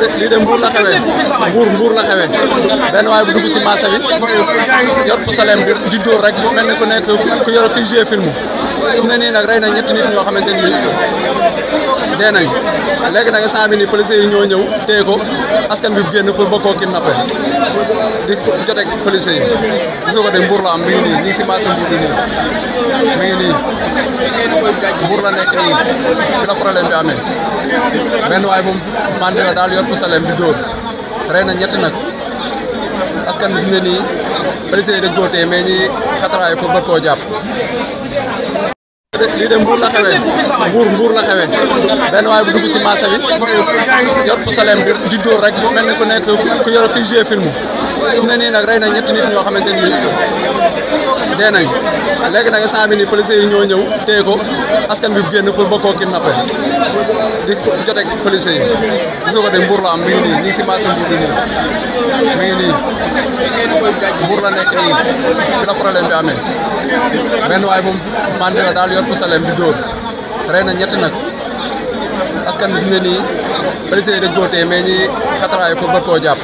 lii de mbuur la xewee mbuur na xewee benn waaye bu dugg si bi yor di dóor rek mel ni ku nekk ku yor kuy joué film mu ne nii nag rey na ñetti nit ñoo xamante ni dee nañ léegi nag instant bi nii policiers yi ñoo ñëw téye ko askan bi génn pour bokkoo kidnappé di joteeg policiers yi gisoo ko de mbuur la am mi ngi nii bi nii mi ngi nii mbuur la nekk nii fi la bi amee benn waay moom mandi la daal yor pusaleem di dóor rey na ñetti nag askan bi fi ne nii policiers yi dañ koo téye mais ñi xataraayu ko bët koo jàpp lii de mbuur la xewee mbuur mbuur la xewee benn waaye bu dugg si marché bi yor pusaleem di dóor rek mel ni ku nekk ku yor ku joué film nii nag rey na ñetti nit ñoo xamante ni dee nañ léegi nag instant bi nii policiers yi ñoo ñëw téye ko askan bi génn pour ko kidnappé di joteeg policiers yi gis nga ko de Mbour la am mi nii ñu si marché Mbour bi nii mi ngi nii Mbour la nekk nii fi la problème bi amee benn waay moom mandi la daal yor pusaleem bi dóor rey na ñetti nag askan bi fi mu nii policiers yi dañ koo téye mais ñi xataraayu pour bokkoo jàpp